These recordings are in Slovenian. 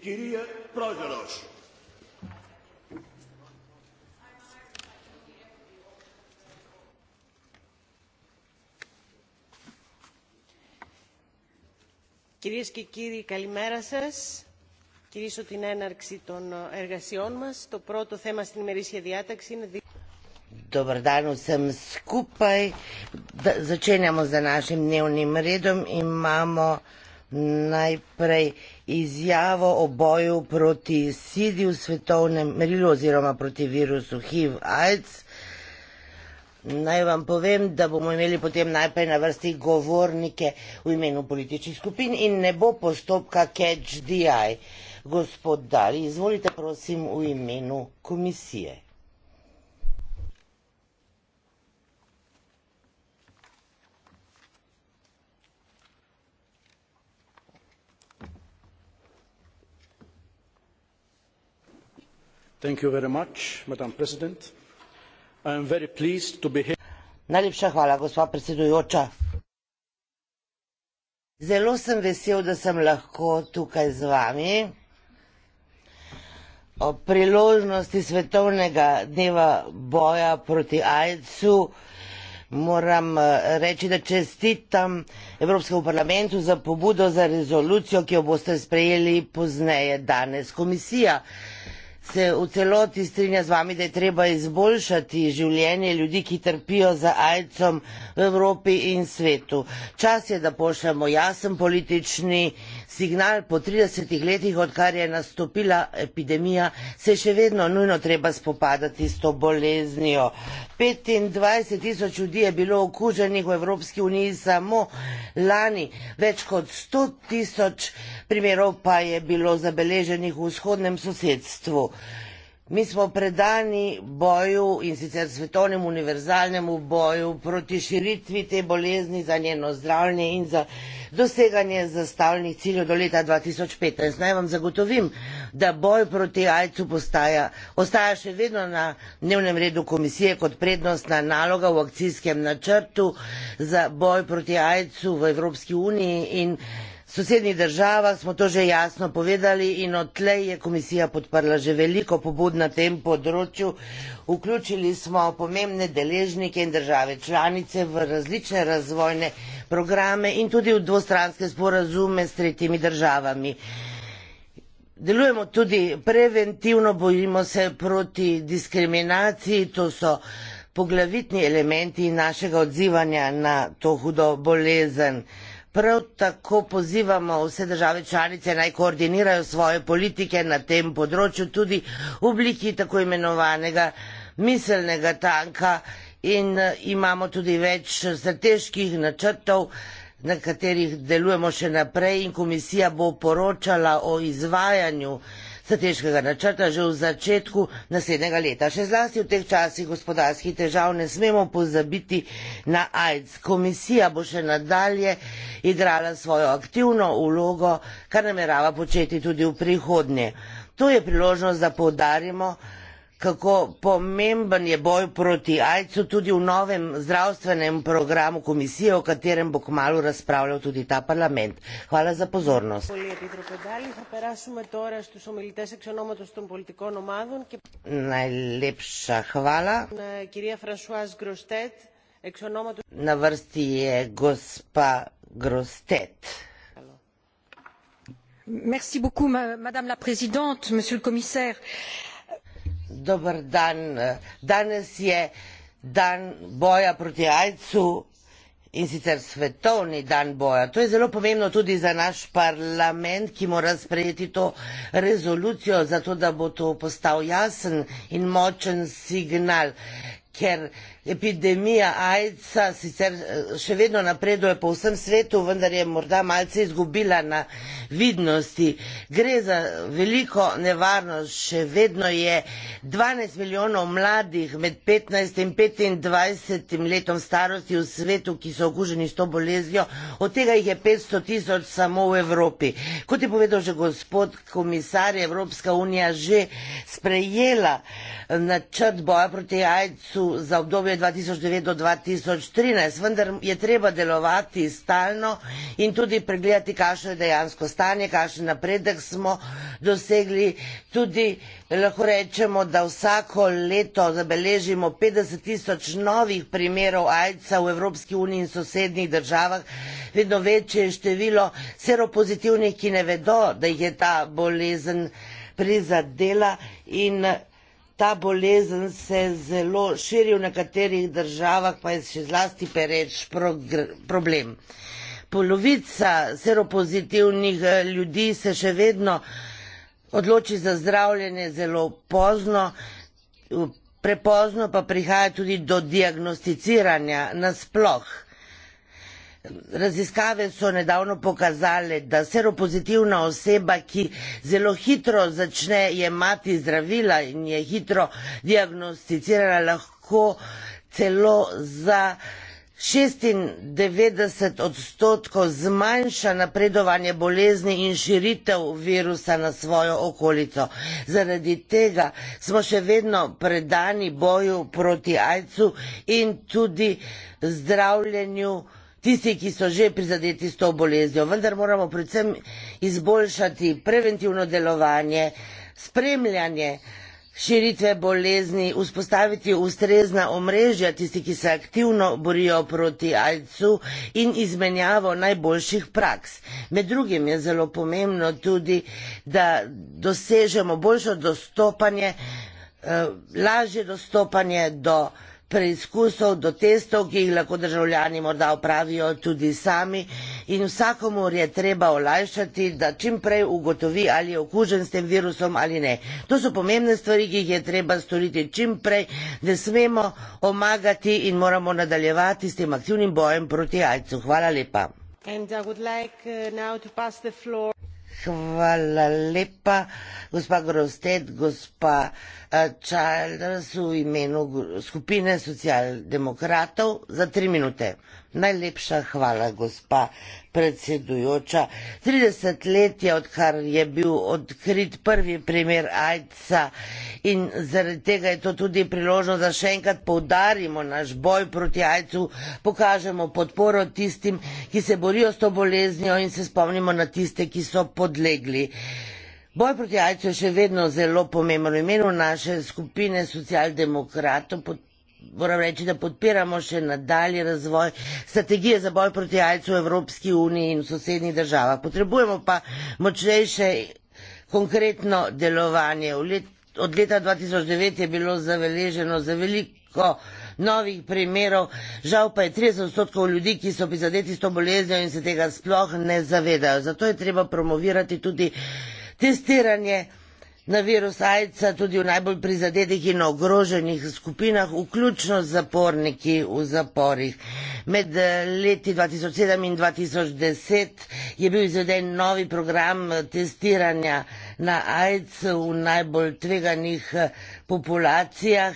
Κυρία Πρόεδρος. Κυρίες και κύριοι, καλημέρα σας. Κυρίσω την έναρξη των εργασιών μας. Το πρώτο θέμα στην ημερήσια διάταξη είναι... Dobar dan, vsem skupaj. Da, začenjamo z današnjim dnevnim redom. Imamo uh, najprej izjavo o boju proti sidi v svetovnem merilu oziroma proti virusu HIV-AIDS. Naj vam povem, da bomo imeli potem najprej na vrsti govornike v imenu političnih skupin in ne bo postopka catch the eye. Gospod Dali, izvolite prosim v imenu komisije. Najlepša hvala, gospod predsedujoča. Zelo sem vesel, da sem lahko tukaj z vami. O priložnosti svetovnega dneva boja proti AIDS-u moram eh, reči, da čestitam Evropskemu parlamentu za pobudo za rezolucijo, ki jo boste sprejeli pozneje danes. Komisija se v celoti strinja z vami, da je treba izboljšati življenje ljudi, ki trpijo za ajcom v Evropi in svetu. Čas je, da pošljemo jasen politični signal po 30 letih, odkar je nastopila epidemija, se še vedno nujno treba spopadati s to boleznijo. 25 tisoč ljudi je bilo okuženih v Evropski uniji samo lani, več kot 100 tisoč primerov pa je bilo zabeleženih v vzhodnem sosedstvu. Mi smo predani boju in sicer svetovnem univerzalnemu boju proti širitvi te bolezni za njeno zdravljenje in za doseganje zastavljenih ciljev do leta 2015. Naj vam zagotovim, da boj proti AIDS-u ostaja še vedno na dnevnem redu komisije kot prednostna naloga v akcijskem načrtu za boj proti AIDS-u v Evropski uniji in sosednjih državah smo to že jasno povedali in odtlej je komisija podprla že veliko pobud na tem področju. Vključili smo pomembne deležnike in države članice v različne razvojne programe in tudi v dvostranske sporazume s tretjimi državami. Delujemo tudi preventivno, bojimo se proti diskriminaciji, to so poglavitni elementi našega odzivanja na to hudo bolezen. Prav tako pozivamo vse države članice naj koordinirajo svoje politike na tem področju tudi v obliki tako imenovanega miselnega tanka in eh, imamo tudi več strateških načrtov, na katerih delujemo še naprej in komisija bo poročala o izvajanju strateškega načrta že v začetku naslednjega leta. Še zlasti v teh časih gospodarskih težav ne smemo pozabiti na AIDS. Komisija bo še nadalje igrala svojo aktivno ulogo, kar namerava početi tudi v prihodnje. To je priložnost, da poudarimo, kako pomemben je boj proti AIDS-u tudi v novem zdravstvenem programu komisije, o katerem bo kmalo razpravljal tudi ta parlament. Hvala za pozornost. Torej Najlepša hvala. Na vrsti je gospa Grostet. Merci beaucoup, Madame la Présidente, Monsieur le Commissaire dober dan. Eh, danes je dan boja proti ajcu in sicer svetovni dan boja. To je zelo pomembno tudi za naš parlament, ki mora sprejeti to rezolucijo, zato da bo to postal jasen in močen signal, ker epidemija AIDS-a sicer eh, še vedno napreduje po vsem svetu, vendar je morda malce izgubila na vidnosti. Gre za veliko nevarnost, še vedno je 12 milijonov mladih med 15 in 25 letom starosti v svetu, ki so okuženi s to boleznijo, od tega jih je 500 tisoč samo v Evropi. Kot je povedal že gospod komisar, je Evropska unija že sprejela eh, načrt boja proti AIDS-u za obdobje torej 2009 do 2013, vendar je treba delovati stalno in tudi pregledati, kakšno je dejansko stanje, kakšen napredek smo dosegli. Tudi lahko rečemo, da vsako leto zabeležimo 50 tisoč novih primerov AIDS-a v Evropski uniji in sosednjih državah. Vedno večje je število seropozitivnih, ki ne vedo, da jih je ta bolezen prizadela in ta bolezen se zelo širi v nekaterih državah, pa je še zlasti pereč problem. Polovica seropozitivnih eh, ljudi se še vedno odloči za zdravljenje zelo pozno, prepozno pa prihaja tudi do diagnosticiranja nasploh. Raziskave so nedavno pokazale, da seropozitivna oseba, ki zelo hitro začne jemati zdravila in je hitro diagnosticirana, lahko celo za 96 odstotkov zmanjša napredovanje bolezni in širitev virusa na svojo okolico. Zaradi tega smo še vedno predani boju proti AIDS-u in tudi zdravljenju tisti, ki so že prizadeti s to boleznjo. Vendar moramo predvsem izboljšati preventivno delovanje, spremljanje širitve bolezni, vzpostaviti ustrezna omrežja tisti, ki se aktivno borijo proti AIDS-u in izmenjavo najboljših praks. Med drugim je zelo pomembno tudi, da dosežemo boljšo dostopanje, eh, lažje dostopanje do preizkusov, do testov, ki jih lahko državljani morda opravijo tudi sami. In vsakomur je treba olajšati, da čim prej ugotovi, ali je okužen s tem virusom ali ne. To so pomembne stvari, ki jih je treba storiti čim prej, da smemo omagati in moramo nadaljevati s tem aktivnim bojem proti ajcu. Hvala lepa. Hvala lepa, gospa Grosted, gospa eh, Childers v imenu skupine socialdemokratov za tri minute. Najlepša hvala, gospa uh, predsedujoča. 30 let je, odkar je bil odkrit prvi primer AIDS-a in zaradi tega je to tudi priložno, da še enkrat poudarimo naš boj proti AIDS-u, pokažemo podporo tistim, ki se borijo s to boleznijo in se spomnimo na tiste, ki so podlegli. Boj proti AIDS-u je še vedno zelo pomembno. V imenu naše skupine socialdemokratov moram reči, da podpiramo še nadalje razvoj strategije za boj proti jajcu v Evropski uniji in v sosednjih državah. Potrebujemo pa močnejše konkretno delovanje. Let, od leta 2009 je bilo zaveleženo za veliko novih primerov, žal pa je 30 odstotkov ljudi, ki so prizadeti s to boleznjo in se tega sploh ne zavedajo. Zato je treba promovirati tudi testiranje na virus AIDS tudi v najbolj prizadetih in ogroženih skupinah, vključno z zaporniki v zaporih. Med eh, leti 2007 in 2010 je bil izveden novi program eh, testiranja na AIDS v najbolj tveganih eh, populacijah.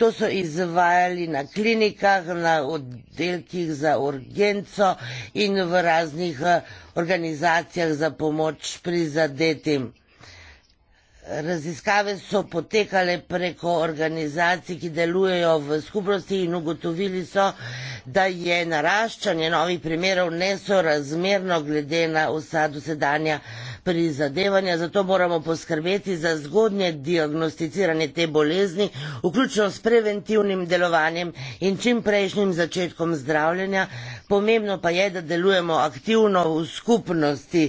To so izvajali na klinikah, na oddelkih za urgenco in v raznih organizacijah za pomoč prizadetim. Raziskave so potekale preko organizacij, ki delujejo v skupnosti in ugotovili so, da je naraščanje novih primerov nesorazmerno glede na vsa dosedanja prizadevanja, zato moramo poskrbeti za zgodnje diagnosticiranje te bolezni, vključno s preventivnim delovanjem in čim prejšnjim začetkom zdravljenja. Pomembno pa je, da delujemo aktivno v skupnosti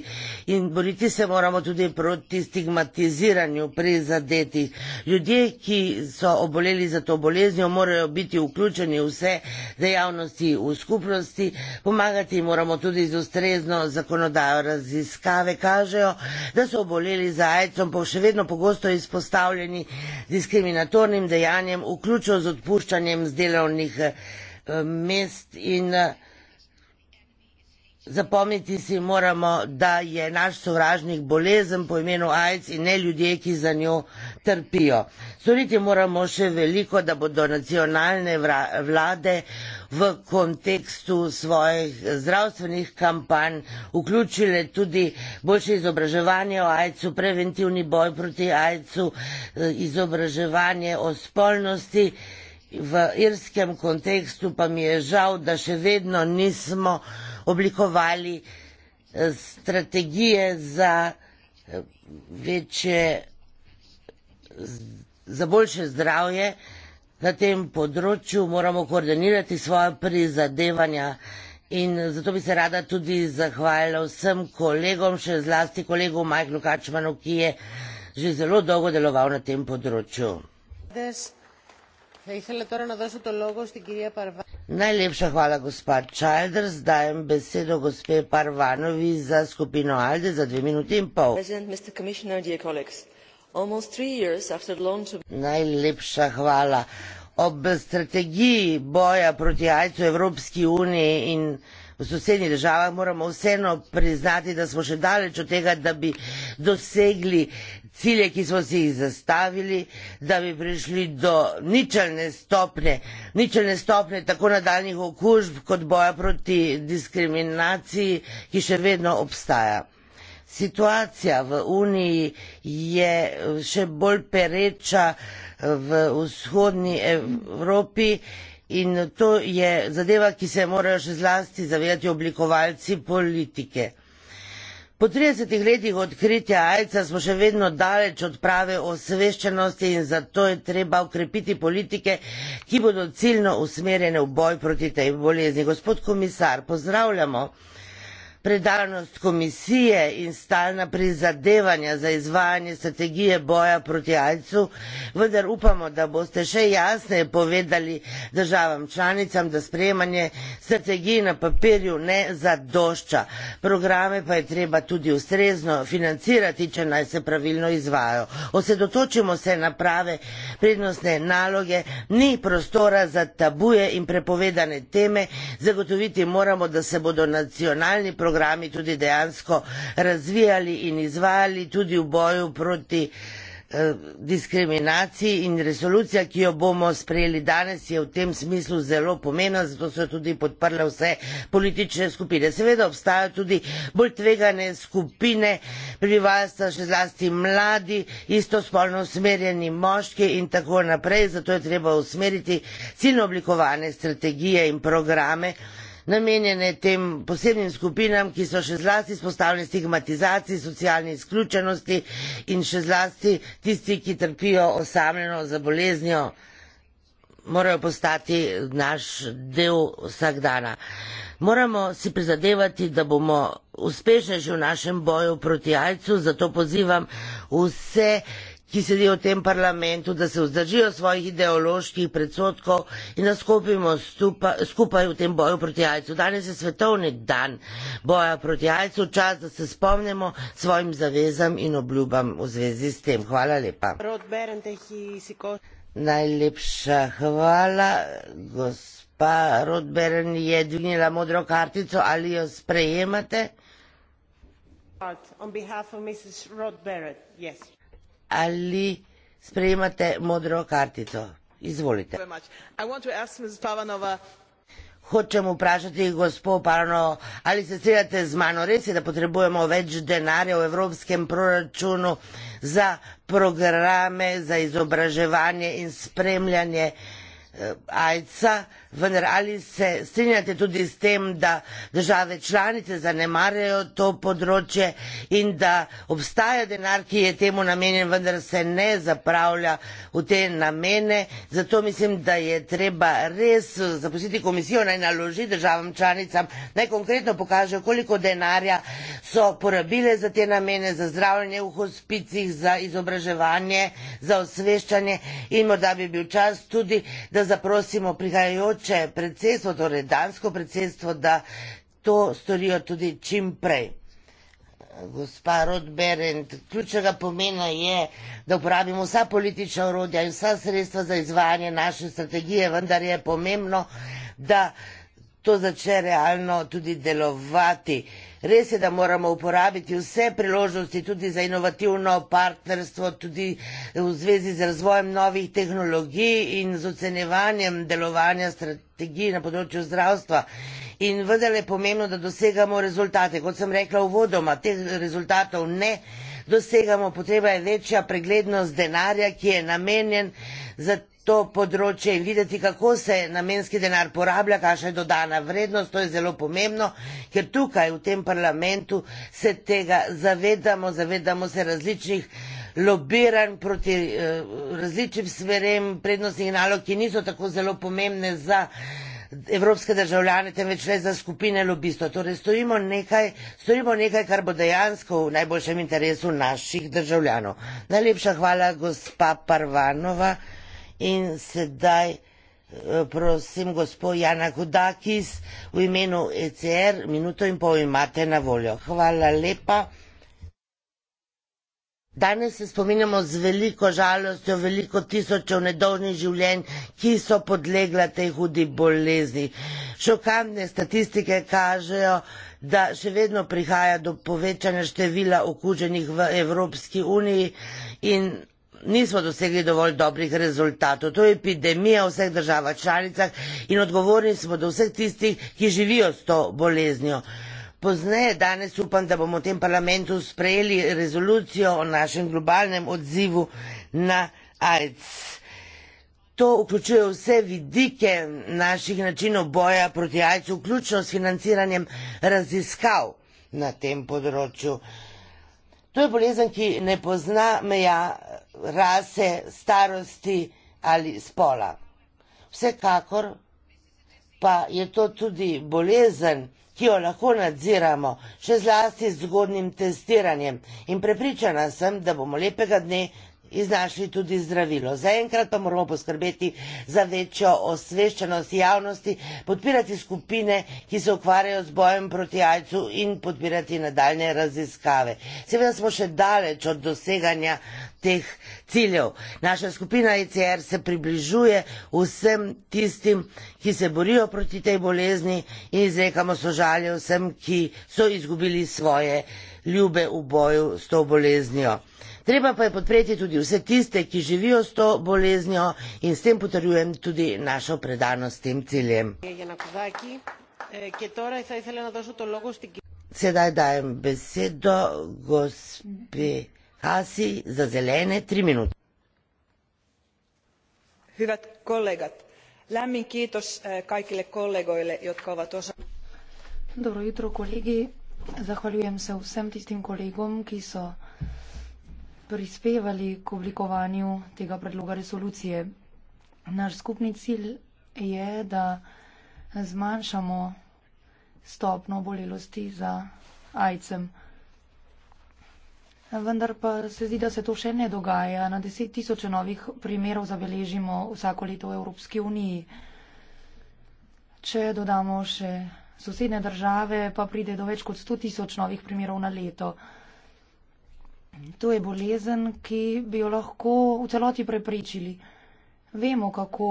in boriti se moramo tudi proti stigmatiziranju prizadetih. Ljudje, ki so oboleli za to boleznjo, morajo biti vključeni v vse dejavnosti v skupnosti, pomagati moramo tudi z ustrezno zakonodajo raziskave, kažejo pravijo, da so oboleli za ajcom, pa še vedno pogosto izpostavljeni diskriminatornim dejanjem, vključno z odpuščanjem z delovnih eh, mest in eh, Zapomniti si moramo, da je naš sovražnik bolezen po imenu AIDS in ne ljudje, ki za njo trpijo. Storiti moramo še veliko, da bodo nacionalne vlade v kontekstu svojih zdravstvenih kampanj vključile tudi boljše izobraževanje o AIDS-u, preventivni boj proti AIDS-u, eh, izobraževanje o spolnosti v irskem kontekstu pa mi je žal, da še vedno nismo oblikovali eh, strategije za eh, večje, za boljše zdravje na tem področju. Moramo koordinirati svoje prizadevanja in zato bi se rada tudi zahvalila vsem kolegom, še zlasti kolegu Majklu Kačmanu, ki je že zelo dolgo deloval na tem področju. This Θα ήθελα τώρα να δώσω το λόγο στην κυρία Παρβά. Najlepša hvala, gospa Childers. Dajem besedo gospe Parvanovi za skupino Alde za dve minuti in pol. Najlepša hvala. Ob strategiji boja proti AIDS-u v Evropski uniji in v sosednjih državah moramo vseeno priznati, da smo še daleč od tega, da bi dosegli cilje, ki smo si jih zastavili, da bi prišli do ničelne stopne, ničelne stopne tako nadaljnih okužb kot boja proti diskriminaciji, ki še vedno obstaja. Situacija v Uniji je še bolj pereča v vzhodni Evropi in to je zadeva, ki se morajo še zlasti zavedati oblikovalci politike. Po 30 letih odkritja AIDS-a smo še vedno daleč od prave osveščenosti in zato je treba ukrepiti politike, ki bodo ciljno usmerjene v boj proti tej bolezni. Gospod komisar, pozdravljamo predanost komisije in stalna prizadevanja za izvajanje strategije boja proti ajcu, vendar upamo, da boste še jasneje povedali državam članicam, da sprejemanje strategij na papirju ne zadošča. Programe pa je treba tudi ustrezno financirati, če naj se pravilno izvajo. Osedotočimo se na prave prednostne naloge, ni prostora za tabuje in prepovedane teme, zagotoviti moramo, da se bodo nacionalni programi programi tudi dejansko razvijali in izvajali tudi v boju proti eh, diskriminaciji in resolucija, ki jo bomo sprejeli danes, je v tem smislu zelo pomena, zato so tudi podprle vse politične skupine. Seveda obstajajo tudi bolj tvegane skupine prebivalstva, še zlasti mladi, istospolno usmerjeni moški in tako naprej, zato je treba usmeriti ciljno oblikovane strategije in programe, namenjene tem posebnim skupinam, ki so še zlasti spostavljene stigmatizaciji, socialni izključenosti in še zlasti tisti, ki trpijo osamljeno za boleznjo, morajo postati naš del vsak dana. Moramo si prizadevati, da bomo uspešni že v našem boju proti ajcu, zato pozivam vse, ki sedijo v tem parlamentu, da se vzdržijo svojih ideoloških predsotkov in da skupimo stupa, skupaj v tem boju proti jajcu. Danes je svetovni dan boja proti jajcu, čas, da se spomnimo svojim zavezam in obljubam v zvezi s tem. Hvala lepa. Najlepša hvala, gospa Rodberen je dvignila modro kartico, ali jo sprejemate? On behalf of Mrs. Rod Barrett, yes ali sprejemate modro kartico? Izvolite. Hočem vprašati gospod Parano, ali se strinjate z mano? Res je, da potrebujemo več denarja v evropskem proračunu za programe, za izobraževanje in spremljanje eh, AIDS-a. Vendar ali se strinjate tudi s tem, da države članice zanemarjajo to področje in da obstaja denar, ki je temu namenjen, vendar se ne zapravlja v te namene. Zato mislim, da je treba res zaposliti komisijo, naj naloži državam članicam, naj konkretno pokaže, koliko denarja so porabile za te namene, za zdravljenje v hospicih, za izobraževanje, za osveščanje in morda bi bil čas tudi, da zaprosimo prihajajoče tiče predsedstva, torej dansko predsedstvo, da to storijo tudi čim prej. Gospa Rodberend, ključnega pomena je, da uporabimo vsa politična urodja in vsa sredstva za izvajanje naše strategije, vendar je pomembno, da to začne realno tudi delovati. Uh, Res je, da moramo uporabiti vse priložnosti tudi za inovativno partnerstvo, tudi v zvezi z razvojem novih tehnologij in z ocenevanjem delovanja strategij na področju zdravstva. In vendar je pomembno, da dosegamo rezultate. Kot sem rekla uvodoma, teh rezultatov ne dosegamo, potreba je večja preglednost denarja, ki je namenjen za to področje in videti, kako se namenski denar porablja, kakšna je dodana vrednost. To je zelo pomembno, ker tukaj v tem parlamentu se tega zavedamo, zavedamo se različnih lobiran proti eh, različnim sverem prednostnih nalog, ki niso tako zelo pomembne za evropske državljane, temveč le za skupine lobistov. Torej stojimo nekaj, stojimo nekaj, kar bo dejansko v najboljšem interesu naših državljanov. Najlepša hvala, gospa Parvanova in sedaj eh, prosim gospo Jana Hudakis v imenu ECR, minuto in pol imate na voljo. Hvala lepa. Danes se spominjamo z veliko žalostjo, veliko tisočev nedolžnih življenj, ki so podlegla tej hudi bolezni. Šokantne statistike kažejo, da še vedno prihaja do povečanja števila okuženih v Evropski uniji in nismo dosegli dovolj dobrih rezultatov. To je epidemija v vseh državah članicah in odgovorni smo do vseh tistih, ki živijo s to boleznjo. Pozneje danes upam, da bomo v tem parlamentu sprejeli rezolucijo o našem globalnem odzivu na AIDS. To vključuje vse vidike naših načinov boja proti AIDS, vključno s financiranjem raziskav na tem področju. To je bolezen, ki ne pozna meja rase, starosti ali spola. Vsekakor pa je to tudi bolezen, ki jo lahko nadziramo, še zlasti z zgodnim testiranjem. In prepričana sem, da bomo lepega dne iznašli tudi zdravilo. Zaenkrat pa moramo poskrbeti za večjo osveščenost javnosti, podpirati skupine, ki se ukvarjajo z bojem proti ajcu in podpirati nadaljne raziskave. Seveda smo še daleč od doseganja teh ciljev. Naša skupina ICR e se približuje vsem tistim, ki se borijo proti tej bolezni in izrekamo sožalje vsem, ki so izgubili svoje ljube v boju s to boleznijo. Treba pa je podpreti tudi vse tiste, ki živijo s to boleznjo in s tem potrjujem tudi našo predanost tem ciljem. Eh, eh, Sedaj dajem besedo gospe Hasi za zelene tri minute. Hyvat kollegat, lämmin kiitos eh, kaikille kollegoille, jotka ovat osa... Dobro jutro kolegi, zahvaljujem se vsem tistim kolegom, ki so so prispevali k oblikovanju tega predloga resolucije. Naš skupni cilj je, da zmanjšamo stopno bolelosti za AIDS-em. Vendar pa se zdi, da se to še ne dogaja. Na deset tisoče novih primerov zabeležimo vsako leto v Evropski uniji. Če dodamo še sosedne države, pa pride do več kot sto tisoč novih primerov na leto. To je bolezen, ki bi jo lahko v celoti preprečili. Vemo, kako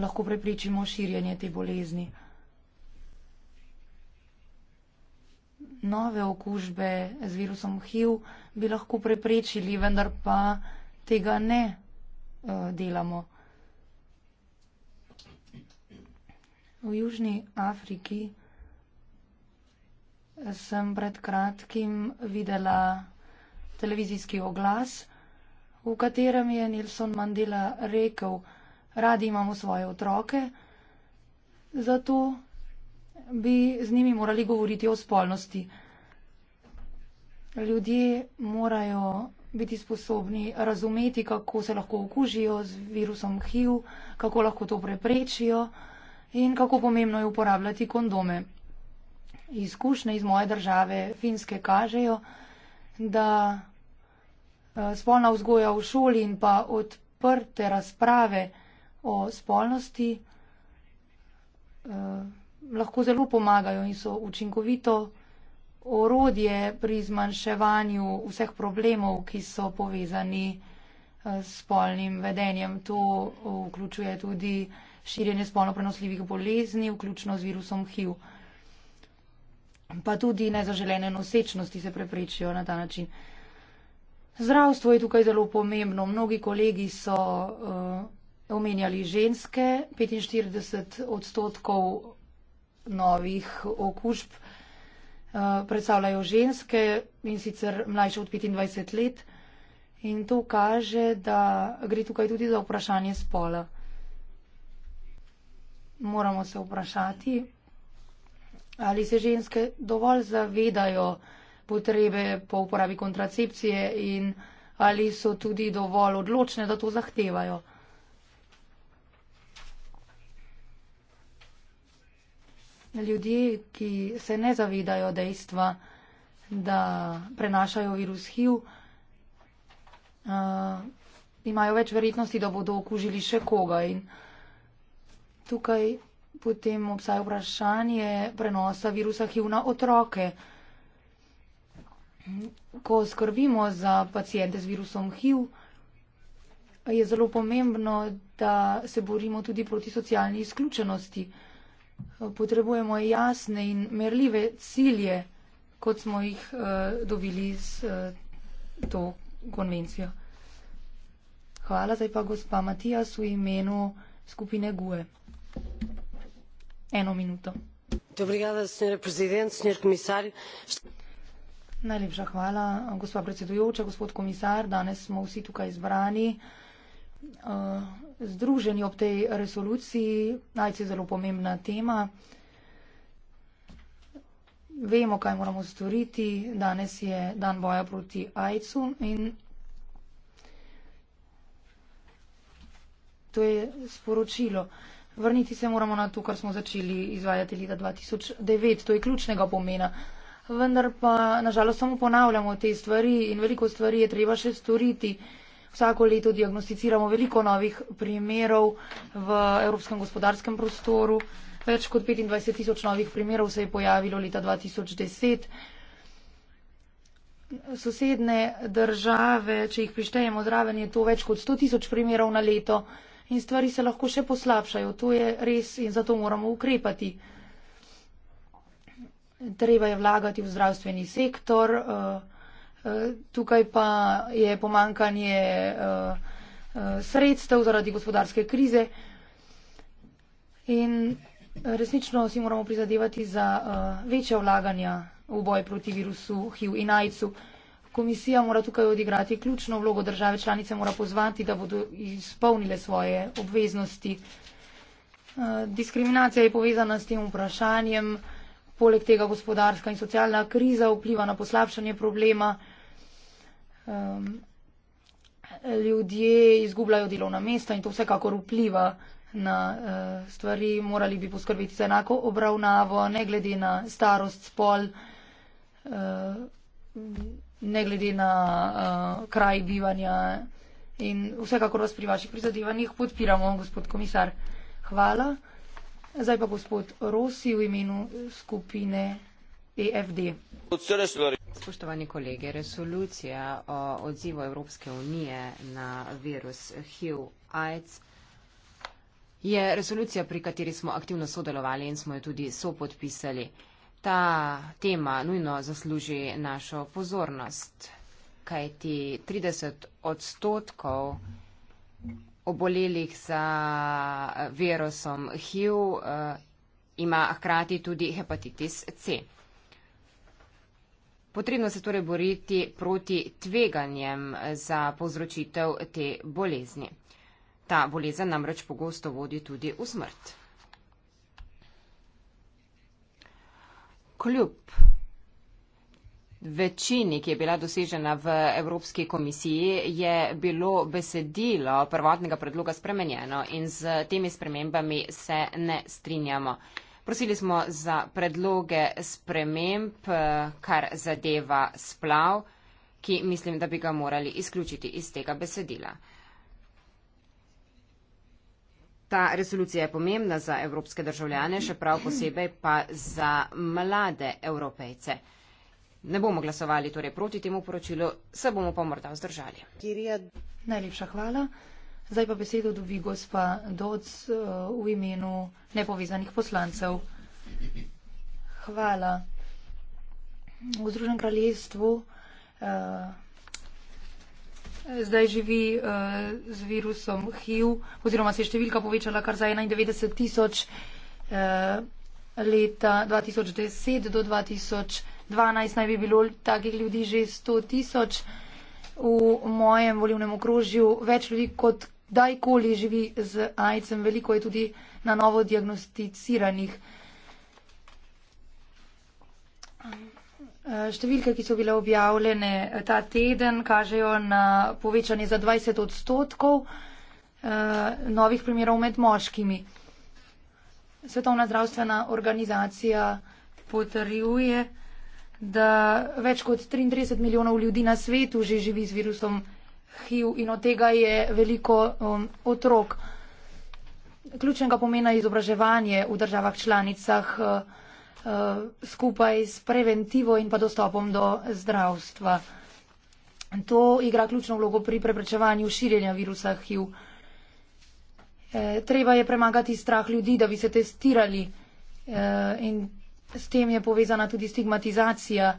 lahko preprečimo širjenje te bolezni. Nove okužbe z virusom HIV bi lahko preprečili, vendar pa tega ne uh, delamo. V Južni Afriki eh, sem pred kratkim videla televizijski oglas, v katerem je Nilson Mandela rekel, radi imamo svoje otroke, zato bi z njimi morali govoriti o spolnosti. Ljudje morajo biti sposobni razumeti, kako se lahko okužijo z virusom HIV, kako lahko to preprečijo in kako pomembno je uporabljati kondome. Izkušnje iz moje države, finske, kažejo, da eh, spolna vzgoja v šoli in pa odprte razprave o spolnosti eh, lahko zelo pomagajo in so učinkovito orodje pri zmanjševanju vseh problemov, ki so povezani eh, s spolnim vedenjem. To vključuje tudi širjenje spolno prenosljivih bolezni, vključno z virusom HIV pa tudi nezaželene nosečnosti se preprečijo na ta način. Zdravstvo je tukaj zelo pomembno. Mnogi kolegi so uh, omenjali ženske, 45 odstotkov novih okužb eh, predstavljajo ženske in sicer mlajše od 25 let in to kaže, da gre tukaj tudi za vprašanje spola. Moramo se vprašati, Ali se ženske dovolj zavedajo potrebe po uporabi kontracepcije in ali so tudi dovolj odločne, da to zahtevajo? Ljudje, ki se ne zavedajo dejstva, da prenašajo virus HIV, uh, eh, imajo več verjetnosti, da bodo okužili še koga. In tukaj Potem obstaja vprašanje prenosa virusa HIV na otroke. Ko skrbimo za pacijente z virusom HIV, je zelo pomembno, da se borimo tudi proti socialni izključenosti. Potrebujemo jasne in merljive cilje, kot smo jih uh, dobili z uh, eh, to konvencijo. Hvala zdaj pa gospa Matijas v imenu skupine GUE gospa predsedujoča gospod komisar danes smo vsi tukaj zbrani eh, združeni ob tej resoluciji najci zelo pomembna tema vemo kaj moramo storiti danes je dan boja proti aidsu in to je sporočilo Vrniti se moramo na to, kar smo začeli izvajati leta 2009, to je ključnega pomena. Vendar pa nažalost samo ponavljamo te stvari in veliko stvari je treba še storiti. Vsako leto diagnosticiramo veliko novih primerov v evropskem gospodarskem prostoru. Več kot 25 tisoč novih primerov se je pojavilo leta 2010. Sosedne države, če jih prištejemo zraven, je to več kot 100 tisoč primerov na leto in stvari se lahko še poslabšajo. To je res in zato moramo ukrepati. Treba je vlagati v zdravstveni sektor. Eh, eh, tukaj pa je pomankanje eh, sredstev zaradi gospodarske krize. In resnično si moramo prizadevati za večja vlaganja v boj proti virusu HIV in AIDS-u komisija mora tukaj odigrati ključno vlogo, države članice mora pozvati, da bodo izpolnile svoje obveznosti. Eh, diskriminacija je povezana s tem vprašanjem, poleg tega gospodarska in socialna kriza vpliva na poslabšanje problema. Ljudje izgubljajo delovna mesta in to vsekakor vpliva na eh, stvari. Morali bi poskrbeti za enako obravnavo, ne glede na starost, spol. Eh, ne glede na uh, kraj bivanja. In vsekakor vas pri vaših prizadevanjih podpiramo, gospod komisar. Hvala. Zdaj pa gospod Rosi v imenu skupine EFD. Spoštovani kolege, resolucija o odzivu Evropske unije na virus HIV-AIDS je resolucija, pri kateri smo aktivno sodelovali in smo jo tudi sopodpisali ta tema nujno zasluži našo pozornost, kajti 30 odstotkov obolelih za eh, virusom HIV eh, ima hkrati tudi hepatitis C. Potrebno se torej boriti proti tveganjem za povzročitev te bolezni. Ta bolezen namreč pogosto vodi tudi v smrt. kljub večini, ki je bila dosežena v Evropski komisiji, je bilo besedilo prvotnega predloga spremenjeno in z temi spremembami se ne strinjamo. Prosili smo za predloge sprememb, kar zadeva splav, ki mislim, da bi ga morali izključiti iz tega besedila. Ta resolucija je pomembna za evropske državljane, še prav posebej pa za mlade evropejce. Ne bomo glasovali torej proti temu poročilu, se bomo pa morda vzdržali. Najlepša hvala. Zdaj pa besedo dobi gospa Doc eh, v imenu nepovezanih poslancev. Hvala. V Združenem kraljestvu eh, zdaj živi uh, z virusom HIV, oziroma se je številka povečala kar za 91 tisoč uh, leta 2010 do 2012. Naj bi bilo takih ljudi že 100 tisoč. V mojem volivnem okrožju več ljudi kot kdajkoli živi z AIDS-em, veliko je tudi na novo diagnosticiranih. Eh, številke, ki so bile objavljene eh, ta teden, kažejo na povečanje za 20 odstotkov eh, novih primerov med moškimi. Svetovna zdravstvena organizacija potrjuje, da več kot 33 milijonov ljudi na svetu že živi z virusom HIV in od tega je veliko um, otrok. Ključnega pomena je izobraževanje v državah članicah. Uh, Eh, skupaj s preventivo in pa dostopom do zdravstva. To igra ključno vlogo pri preprečevanju širjenja virusa HIV. Eh, treba je premagati strah ljudi, da bi se testirali eh, in s tem je povezana tudi stigmatizacija.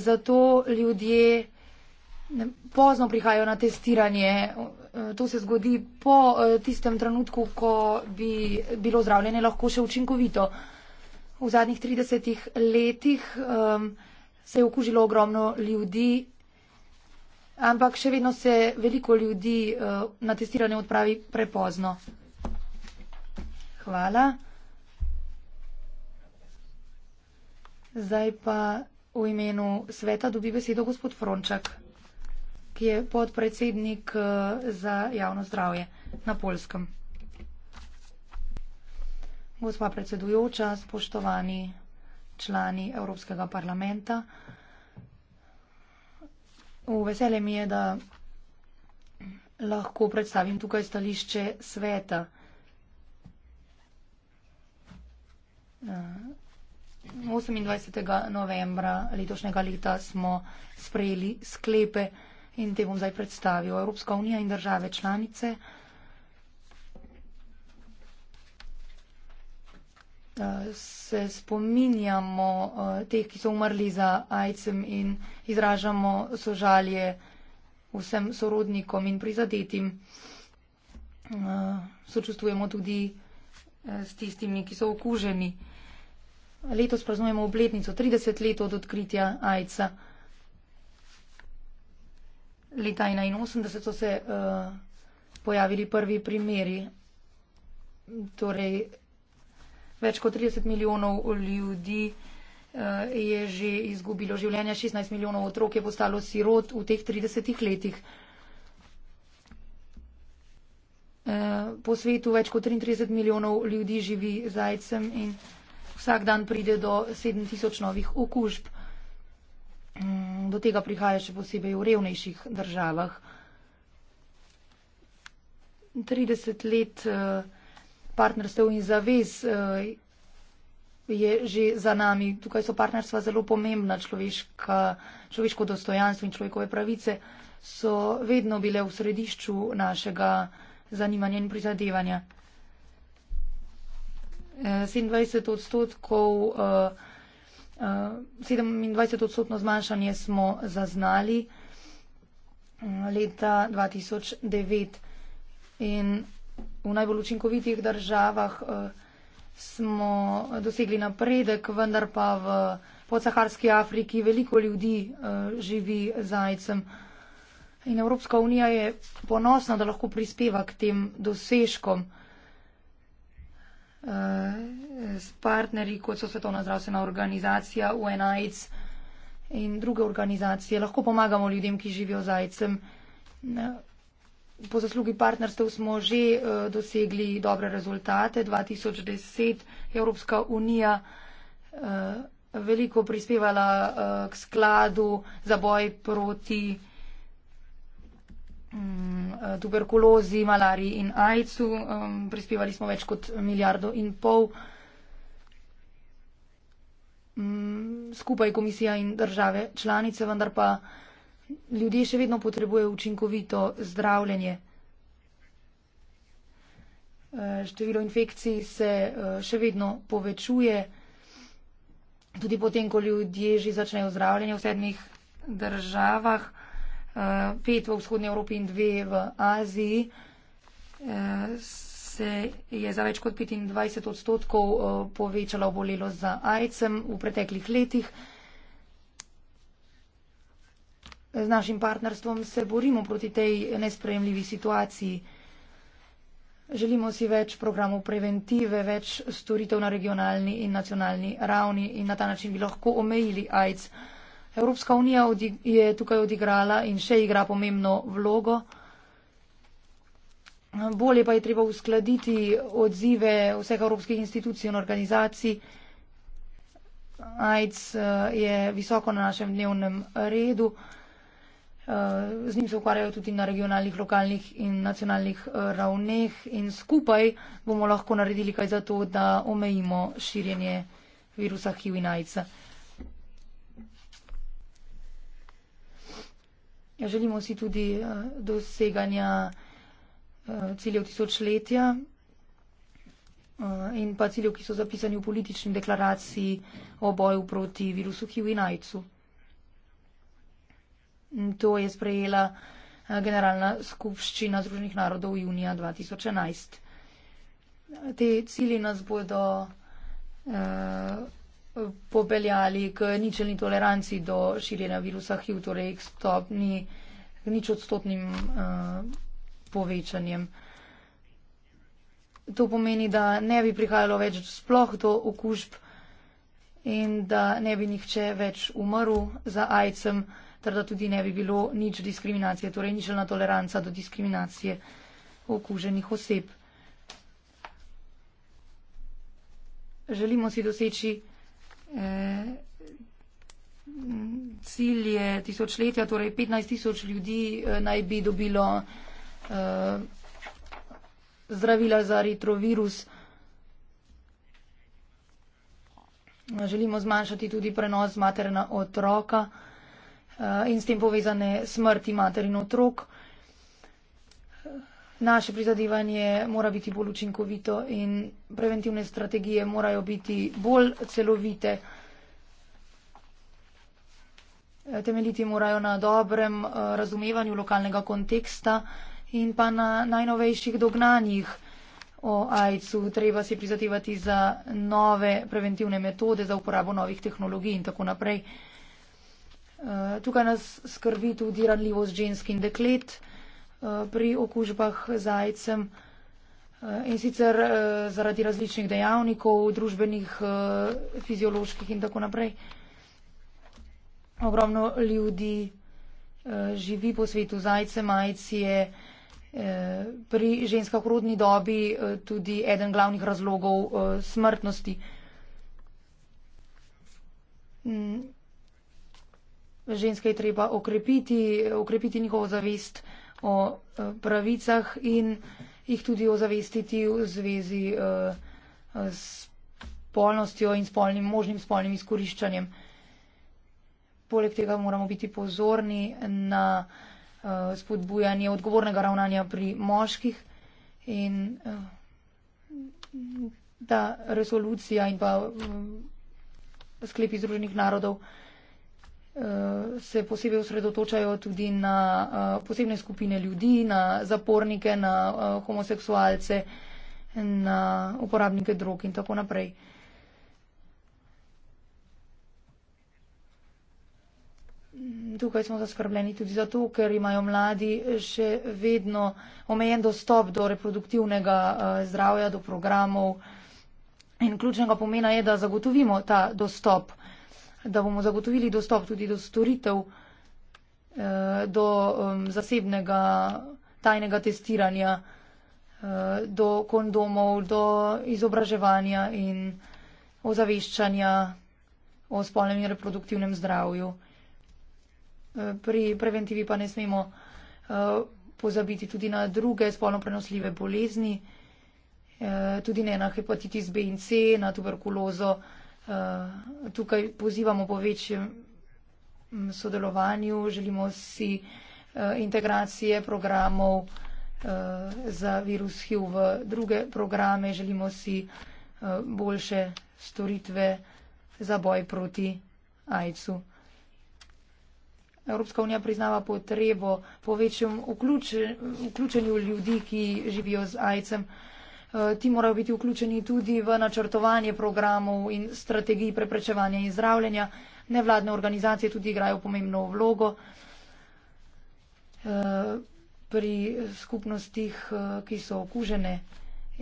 Zato ljudje pozno prihajajo na testiranje. To se zgodi po tistem trenutku, ko bi bilo zdravljenje lahko še učinkovito v zadnjih 30 letih um, se je okužilo ogromno ljudi, ampak še vedno se veliko ljudi uh, na testiranje odpravi prepozno. Hvala. Zdaj pa v imenu sveta dobi besedo gospod Frončak, ki je podpredsednik uh, za javno zdravje na Polskem. Gospa predsedujoča, spoštovani člani Evropskega parlamenta. V vesele mi je, da lahko predstavim tukaj stališče sveta. Osemindvajsetega novembra letošnjega leta smo sprejeli sklepe in te bom zdaj predstavil. Evropska unija in države članice Eh, se spominjamo eh, teh, ki so umrli za AIDS-em in izražamo sožalje vsem sorodnikom in prizadetim. Eh, sočustvujemo tudi s tistimi, ki so okuženi. Letos praznujemo obletnico 30 let od odkritja AIDS-a. Leta 1981 so se uh, pojavili prvi primeri. Torej, Več kot 30 milijonov ljudi eh, je že izgubilo življenje, 16 milijonov otrok je postalo sirot v teh 30 letih. Eh, po svetu več kot 33 milijonov ljudi živi zajcem in vsak dan pride do 7000 novih okužb. Mm, do tega prihaja še posebej v revnejših državah. 30 let uh, partnerstev in zavez eh, je že za nami. Tukaj so partnerstva zelo pomembna, človeška, človeško dostojanstvo in človekove pravice so vedno bile v središču našega zanimanja in prizadevanja. 27 eh, odstotkov, 27 eh, odstotno zmanjšanje smo zaznali leta 2009. In v najbolj učinkovitih državah eh, smo dosegli napredek, vendar pa v podsaharski Afriki veliko ljudi eh, živi zajcem. In Evropska unija je ponosna, da lahko prispeva k tem dosežkom eh, s partnerji, kot so Svetovna zdravstvena organizacija, UNAIDS in druge organizacije. Lahko pomagamo ljudem, ki živijo zajcem po zaslugi partnerstev smo že uh, dosegli dobre rezultate. 2010 je Evropska unija uh, veliko prispevala uh, k skladu za boj proti um, tuberkulozi, malariji in AIDS-u. Um, prispevali smo več kot milijardo in pol. Mm, skupaj komisija in države članice, vendar pa ljudje še vedno potrebujejo učinkovito zdravljenje. Eh, število infekcij se eh, še vedno povečuje, tudi potem, ko ljudje že začnejo zdravljenje v sedmih državah, eh, pet v vzhodnji Evropi in dve v Aziji, se je za več kot 25 odstotkov povečala obolelo za AIDS-em v preteklih letih z našim partnerstvom se borimo proti tej nesprejemljivi situaciji. Želimo si več programov preventive, več storitev na regionalni in nacionalni ravni in na ta način bi lahko omejili AIDS. Evropska unija je tukaj odigrala in še igra pomembno vlogo. Bolje pa je treba uskladiti odzive vseh evropskih institucij in organizacij. AIDS eh, je visoko na našem dnevnem redu. Eh, z njim se ukvarjajo tudi na regionalnih, lokalnih in nacionalnih eh, ravneh in skupaj bomo lahko naredili kaj za to, da omejimo širjenje virusa HIV in AIDS. Ja, želimo si tudi eh, doseganja ciljev tisočletja in pa ciljev, ki so zapisani v politični deklaraciji o boju proti virusu HIV in AIDS-u. To je sprejela eh, Generalna skupščina Združenih narodov junija 2011. Te cilji nas bodo eh, popeljali k ničelni toleranci do širjenja virusa HIV, torej k stopni, k nič odstotnim eh, povečanjem. To pomeni, da ne bi prihajalo več sploh do okužb in da ne bi nihče več umrl za AIDS-em ter da tudi ne bi bilo nič diskriminacije, torej ničelna toleranca do diskriminacije okuženih oseb. Želimo si doseči eh, cilje tisočletja, torej 15 tisoč ljudi eh, naj bi dobilo eh, zdravila za retrovirus. Želimo zmanjšati tudi prenos materna otroka. Eh, Eh, in s tem povezane smrti mater in otrok. Naše prizadevanje mora biti bolj učinkovito in preventivne strategije morajo biti bolj celovite. Eh, temeljiti morajo na dobrem eh, razumevanju lokalnega konteksta in pa na najnovejših dognanjih o AIDS-u. Treba se prizadevati za nove preventivne metode, za uporabo novih tehnologij in tako naprej. Eh, tukaj nas skrbi tudi ranljivost žensk in deklet eh, pri okužbah z AIDS-em eh, in sicer zaradi različnih dejavnikov, družbenih, fizioloških in tako naprej. Ogromno ljudi živi po svetu z AIDS-em, AIDS je pri ženskah v rodni dobi tudi eden glavnih razlogov smrtnosti. Mm, ženske je treba okrepiti, okrepiti njihovo zavest o eh, pravicah in jih tudi ozavestiti v zvezi eh, s spolnostjo in spolnim, možnim spolnim izkoriščanjem. Poleg tega moramo biti pozorni na eh, spodbujanje odgovornega ravnanja pri moških in da resolucija in pa mm, sklepi Združenih narodov se posebej osredotočajo tudi na eh, posebne skupine ljudi, na zapornike, na eh, homoseksualce, na uporabnike drog in tako naprej. Tukaj smo zaskrbljeni tudi zato, ker imajo mladi še vedno omejen dostop do reproduktivnega eh, zdravja, do programov. In ključnega pomena je, da zagotovimo ta dostop da bomo zagotovili dostop tudi do storitev, eh, do zasebnega tajnega testiranja, eh, do kondomov, do izobraževanja in ozaveščanja o spolnem in reproduktivnem zdravju. Eh, pri preventivi pa ne smemo pozabiti tudi na druge spolno prenosljive bolezni, tudi ne na hepatitis B in C, na tuberkulozo, Eh, tukaj pozivamo po večjem mm, sodelovanju, želimo si eh, integracije programov eh, za virus HIV v druge programe, želimo si boljše storitve za boj proti AIDS-u. Evropska unija priznava potrebo po večjem vključenju ljudi, ki živijo z AIDS-em. Eh, ti morajo biti vključeni tudi v načrtovanje programov in strategij preprečevanja in zdravljenja. Nevladne organizacije tudi igrajo pomembno vlogo eh, pri skupnostih, eh, ki so okužene.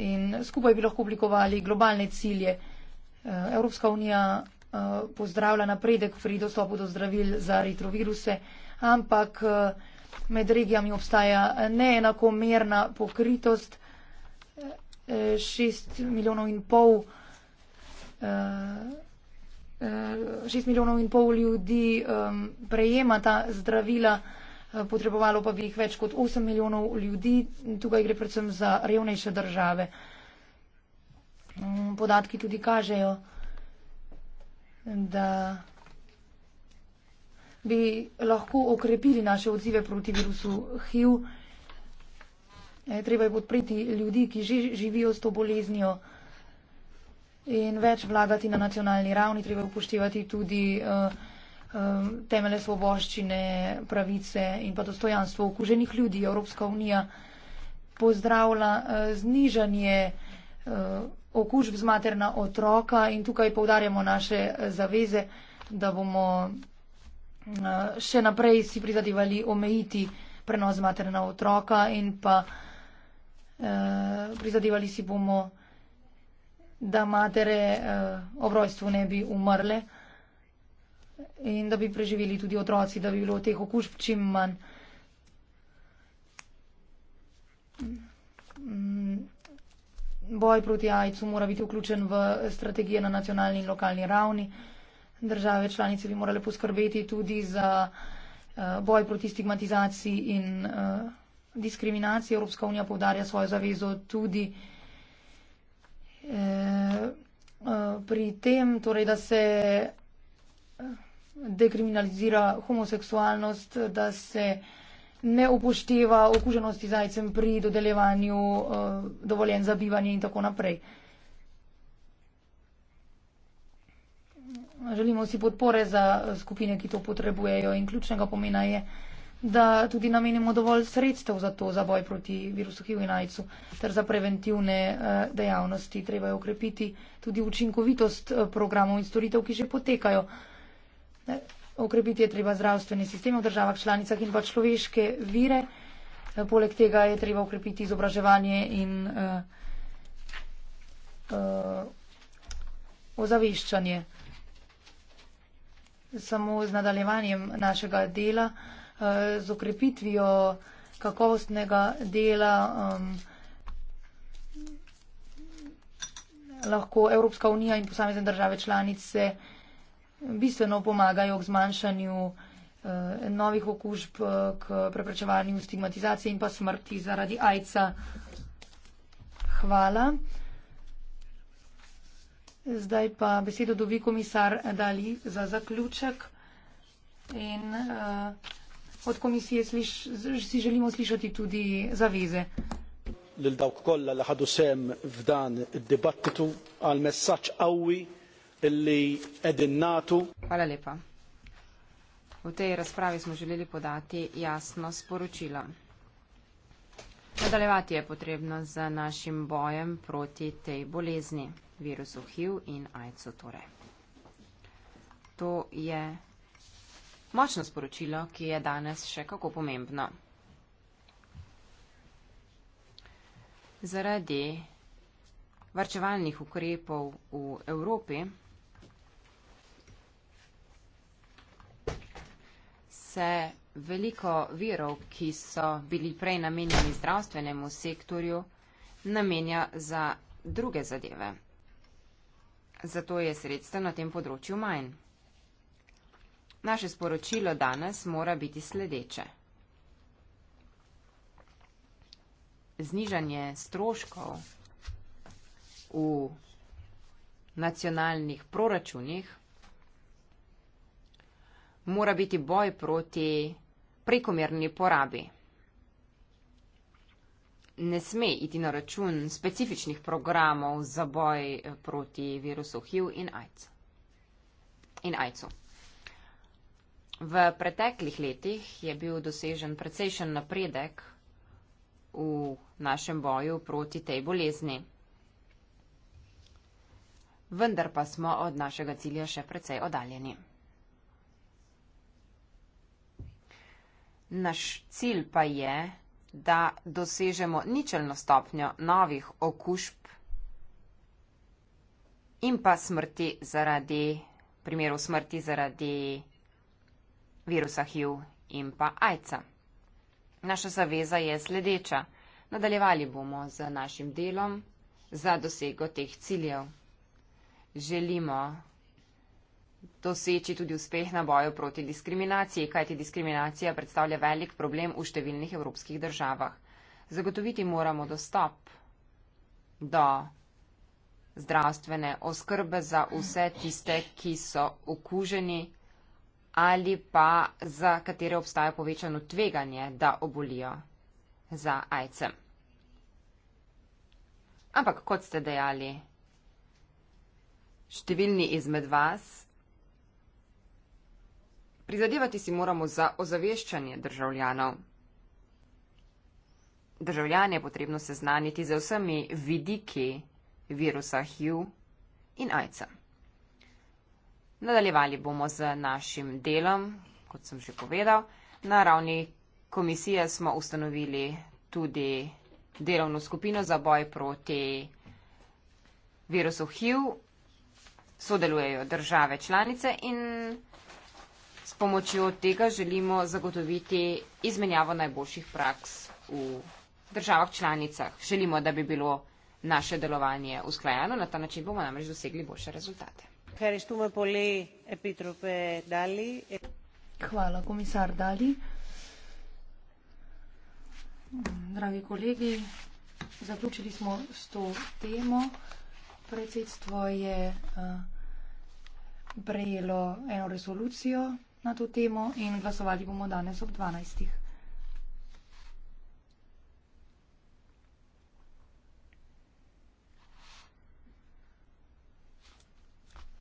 In skupaj bi lahko oblikovali globalne cilje. Evropska unija pozdravlja napredek pri dostopu do zdravil za retroviruse, ampak med regijami obstaja neenakomerna pokritost 6 milijonov in pol. Uh, Šest milijonov in pol ljudi um, prejema ta zdravila, eh, potrebovalo pa bi jih več kot 8 milijonov ljudi. Tukaj gre predvsem za revnejše države. Um, podatki tudi kažejo, da bi lahko okrepili naše odzive proti virusu HIV. Eh, treba je podpreti ljudi, ki že živijo s to boleznijo in več vlagati na nacionalni ravni. Treba je upoštevati tudi eh, eh, temele svoboščine, pravice in pa dostojanstvo okuženih ljudi. Evropska unija pozdravlja znižanje okužb z materna otroka in tukaj povdarjamo naše zaveze, da bomo še naprej si prizadevali omejiti prenos materna otroka in pa Eh, prizadevali si bomo, da matere uh, ob rojstvu ne bi umrle in da bi preživeli tudi otroci, da bi bilo teh okužb čim manj. Mm, boj proti AIDS-u mora biti vključen v strategije na nacionalni in lokalni ravni. Države članice bi morale poskrbeti tudi za uh, boj proti stigmatizaciji in. Uh, diskriminacije. Evropska unija povdarja svojo zavezo tudi eh, eh, pri tem, torej, da se eh, dekriminalizira homoseksualnost, da se ne upošteva okuženosti zajcem pri dodeljevanju eh, dovoljen za bivanje in tako naprej. Želimo si podpore za eh, skupine, ki to potrebujejo in ključnega pomena je, da tudi namenimo dovolj sredstev za to, za boj proti virusu HIV in AIDS, ter za preventivne eh, dejavnosti. Treba je ukrepiti tudi učinkovitost eh, programov in storitev, ki že potekajo. Okrepiti je treba zdravstveni sistem v državah članicah in pa človeške vire. Eh, poleg tega je treba ukrepiti izobraževanje in uh, uh, ozaveščanje. Samo z nadaljevanjem našega dela uh, z okrepitvijo kakovostnega dela um, lahko Evropska unija in posamezne države članice bistveno pomagajo k zmanjšanju uh, novih okužb, eh, k preprečevanju stigmatizacije in pa smrti zaradi AIDS-a. Hvala. Zdaj pa besedo dovi komisar Dali za zaključek. In, uh, od komisije sliš, si želimo slišati tudi zaveze. Lil dawk kolla li ħadu sem f'dan id-dibattitu għal messaġġ qawwi li qegħdin nagħtu. Hvala lepa. U tej raspravi smo želeli podati jasno sporočilo. Nadaljevati je potrebno z našim bojem proti tej bolezni, virusu HIV in AIDS-u torej. To je Močno sporočilo, ki je danes še kako pomembno. Zaradi varčevalnih ukrepov v Evropi se veliko virov, ki so bili prej namenjeni zdravstvenemu sektorju, namenja za druge zadeve. Zato je sredstva na tem področju manj. Naše sporočilo danes mora biti sledeče. Znižanje stroškov v nacionalnih proračunih mora biti boj proti prekomerni porabi. Ne sme iti na račun specifičnih programov za boj proti virusu HIV in AIDS. In AIDS-u. V preteklih letih je bil dosežen precejšen napredek v našem boju proti tej bolezni. Vendar pa smo od našega cilja še precej oddaljeni. Naš cilj pa je, da dosežemo ničelno stopnjo novih okužb in pa smrti zaradi, primerov smrti zaradi virusa HIV in pa AIDS-a. Naša zaveza je sledeča. Nadaljevali bomo z našim delom za dosego teh ciljev. Želimo doseči tudi uspeh na boju proti diskriminaciji, kajti diskriminacija predstavlja velik problem v številnih evropskih državah. Zagotoviti moramo dostop do zdravstvene oskrbe za vse tiste, ki so okuženi ali pa za katere obstaja povečano tveganje, da obolijo za AIDS-em. Ampak, kot ste dejali, številni izmed vas, prizadevati si moramo za ozaveščanje državljanov. Državljane je potrebno seznaniti z vsemi vidiki virusa HIV in AIDS-em. Nadaljevali bomo z našim delom, kot sem že povedal. Na ravni komisije smo ustanovili tudi delovno skupino za boj proti virusu HIV. Sodelujejo države članice in s pomočjo tega želimo zagotoviti izmenjavo najboljših praks v državah članicah. Želimo, da bi bilo naše delovanje usklajeno, na ta način bomo namreč dosegli boljše rezultate. Hvala, komisar Dali. Dragi kolegi, zaključili smo s to temo. Predsedstvo je eh, prejelo eno resolucijo na to temo in glasovali bomo danes ob 12.